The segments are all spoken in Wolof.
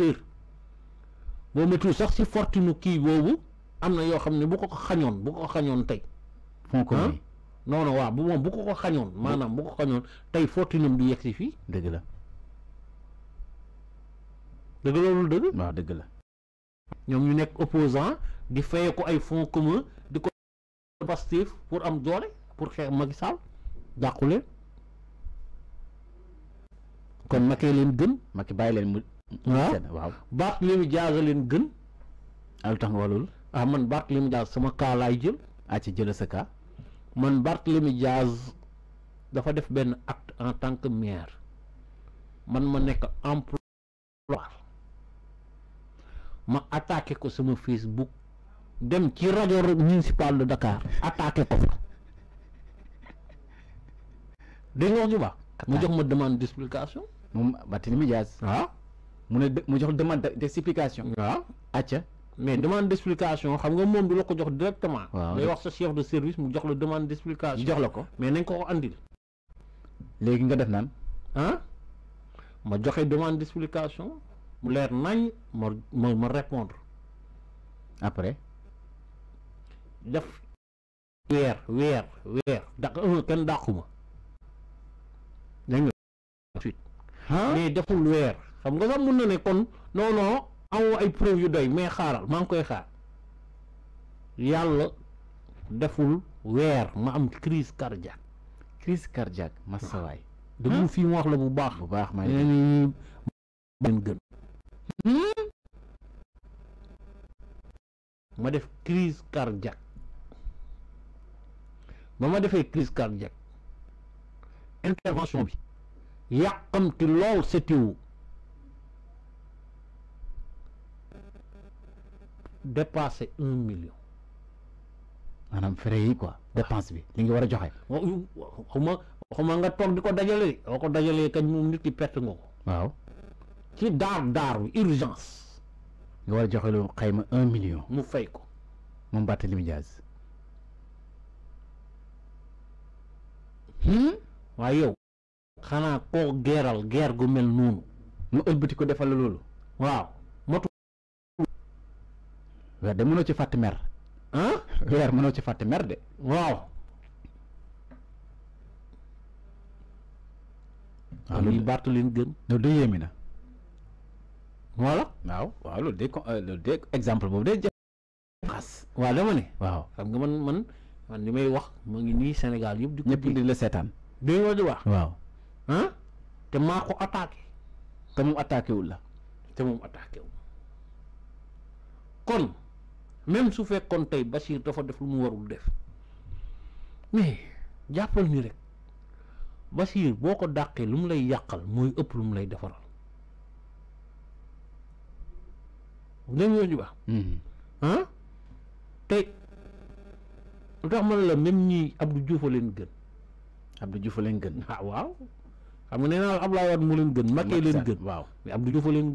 secteur boo méttiwul sax si fortune kii boobu am na yoo xam ne bu ko ko xañoon bu ko ko xañoon tey. fonds commun non bu moom bu maanaam bu ko tey fortune am du yegg si fii. dëgg la dëgg loolu dëgg. waaw dëgg la. ñoom ñu nekk opposant di fayee ko ay fonds commun di ko Pastef pour am doole pour xeex Macky Sall dàqu leen kon leen gën Macky bàyyi leen mu. Ah? waaw Barthélémy Dias leen gën. al ah, tax nga walul ah man Barthélémy Dias sama kaalaay laay jël. a ah, ci jëlee sa kaa man Barthélémy Dias dafa def benn acte en tant que maire man ma nekk emploi ma attaqué ko sama Facebook dem ci rajo municipal de Dakar attaqué ko fa dégg nga wax ju mu jox ma demande d'explication moom Barthélémy Dias waaw mu ne mu jox demande d'explication. waaw acca mais demande d'explication xam nga moom du la ko jox directement. waaw day wax sa chef de service mu jox la demande d'explication. jox la ko mais nañ ko ko andil. léegi nga def naan. ah ma joxe demande d'explication mu leer nañ ma ma ma répondre après. def weer weer weer daq kenn dàqu ma. dégg mais deful weer. xam nga sax mun na ne kon noonoo non ay preuve yu doy mais xaaral maa ngi koy xaar yàlla deful weer ma am crise cardiaque. crise cardiaque masawaay. déglu fii mu wax la bu baax. bu baax maa ngi hmm? ma def crise cardiaque ba ma defee crise cardiaque intervention bi yàqamti lool setiwu dépassé 1 million maanaam frais yi quoi dépense bi li nga war a joxe xuma xuma nga toog di ko dajale boo ko dajalee kañ moom nit ki perte nga ko waaw ci dar daaru urgence nga war a joxe loolu xayma un million mu fay ko moom Barthélémy Dias hmm? waaye yow xanaa koo geeral geer gu mel noonu nga ëlbati ko defal la loolu wer de mënoo ci fàtte mer ah wer mënoo ci fàtte mer de waaw waaw ah, loolu gën loolu de yéemi na voilà waaw waaw lo de euh, lo de exemple boobu de xas waaw dama ne waaw xam nga man man man li may wax mo ngi ni Sénégal yëpp di ñëpp di la seetaan dégg nga di wax waaw hein te maa ko attaqué te mu attaquer wu la te mu attaquer wu kon même su fekkon tay bashir dafa def lu mu warul def mais jappal ni rek bashir boko daqé lu mu lay yakal moy ëpp lu mu lay defaral ngeen ñu baax ah tey lu tax ma ne la même ñi Abdou Diouf leen gën Abdou Diouf leen gën ah waaw xam nga neena abdou Abdoulaye mu leen gën Macky leen gën waaw mais Abdou Diouf leen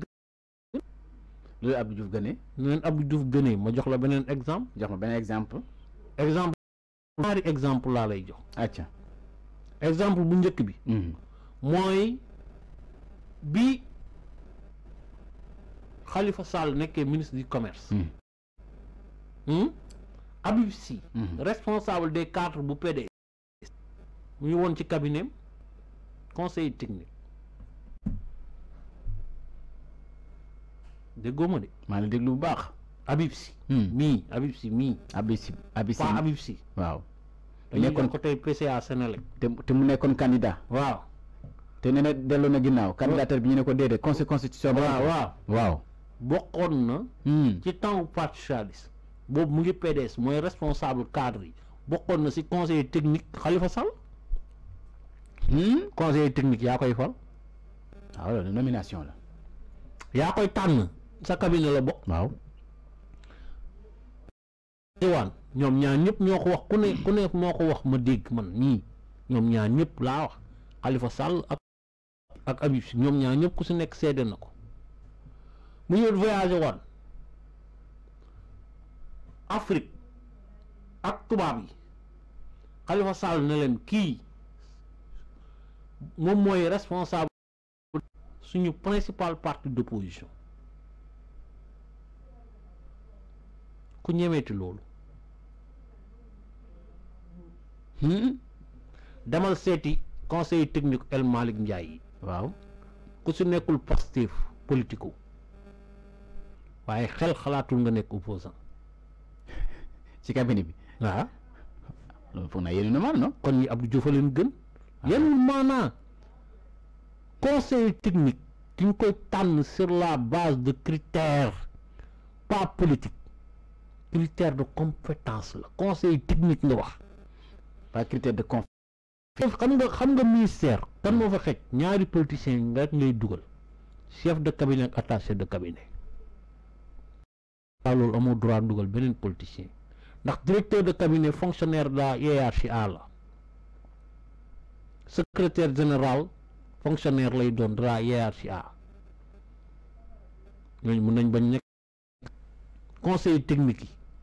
lu ab Abdou Diouf gënee. ab leen Abdou ma jox la beneen exemple. jox ma beneen exemple. exemple exemple laa lay jox. acca exemple bu njëkk bi. Hmm. mooy bi Khalifa Sall nekkee ministre du commerce. Hmm. Hmm? Habib responsable des cadres bu PDS. ñu woon ci cabinet conseil technique. déggoo de. maa ngi déglu bu baax. Habib si hmm. mi, Habib si mi Habib si Habib si waaw Habib Sy. waaw. nekkoon ko tey PCA Sénélec. te te mu nekkoon candidat. waaw. te nee na delloo na ginnaaw. candidateur bi ñu ne ko déedéet conseil constitutionnel. waaw waaw waaw. bokkoon na. Hmm. ci temps parti socialiste. boobu mu ngi PDS mooy responsable cadre yi. bokkoon na si conseil technique Khalifa Sall. Hmm? conseil technique yaa koy fal. waaw ah, loolu nomination la. yaa koy tànn. sa cabinet la bokk. waaw. ñoom ñaar ñëpp ñoo ko wax ku ne ku ne moo ko wax ma dégg man nii ñoom ñaar ñëpp laa wax xalifa Sall ak ak Habib ñoom ñaar ñëpp ku si nekk seede na ko mu ñëw voyagé woon Afrique ak tubaab yi Khalifa Sall ne leen kii moom mooy responsable suñu principal parti d'opposition ku ñemeeti loolu hmm? demal seeti conseil technique El Malick Ndiaye yi waaw ku si nekkul Pastef politico waaye xel xalaatul nga nekk opposant ci cabinet bi waaw loolu foog naa yéen na maanaam kon ñi Abdou Diouf a leen gën ah. yenul maanaa conseil technique duñ koy tànn sur la base de critères pas politique critère de compétence la conseil technique nga wax pas critère de compétence xam nga xam nga ministère kan moo fa xej ñaari politiciens nga rek ngay dugal chef de cabinet ak de cabinet waaw loolu amoo droit dugal beneen politicien ndax directeur de cabinet fonctionnaire de la hiérarchie A la secrétaire général fonctionnaire lay doon de la hiérarchie A ñooñu mën nañ bañ nekk conseil technique yi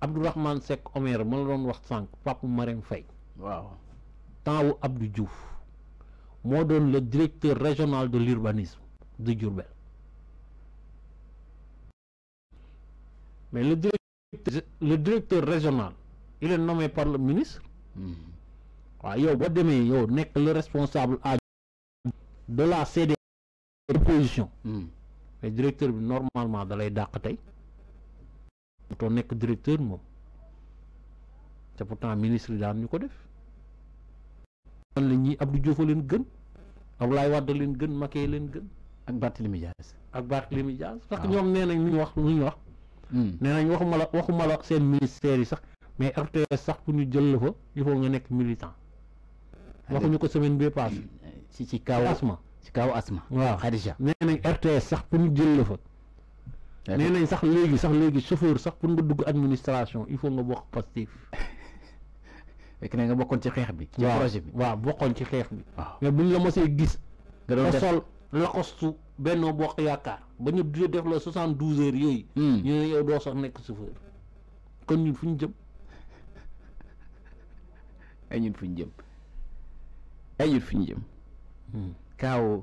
Abdourahmane Sek Omer ma la doon wax Faye Abdou Diouf le directeur régional de l'urbanisme de Durbel. mais le directeur régional il est nommé par le ministre Il hmm. yow que le responsable de la CD de position hmm. mais directeur normalement de la dàq to nekk directeur moom te pourtant ministre yi daan ñu ko def man la ñii Abdou Diouf a leen gën Abdoulaye Wade leen gën Macky leen gën ak Barthélemy Dias ak Barthélemy Dias parce que ñoom nee nañ lu ñu wax lu ñu wax hmm. nee nañ waxuma la waxuma la seen ministère sax mais RTS sax pour ñu jël la fa il faut nga nekk militant waxuñu ko semaine bee paase ci ci kaw asma ci kaw asma waaw Khadija nee nañ RTS sax pour ñu jël la fa nee nañ sax léegi sax léegi chauffeur sax pour nga dugg administration il faut nga bokk Pastef. fekk na nga bokkoon ci xeex bi. ci projet bi waaw bokkoon ci xeex bi. mais buñ la mosee gis. da doon def sol lakostu Benno Bokk Yaakaar ba ñu def la soixante douze heures yooyu. Hmm. ñu ne yow doo sax nekk chauffeur. kon ñun fu ñu jëm. ay ñun fu ñu jëm. ay fu ñu jëm. Hmm. kaaw.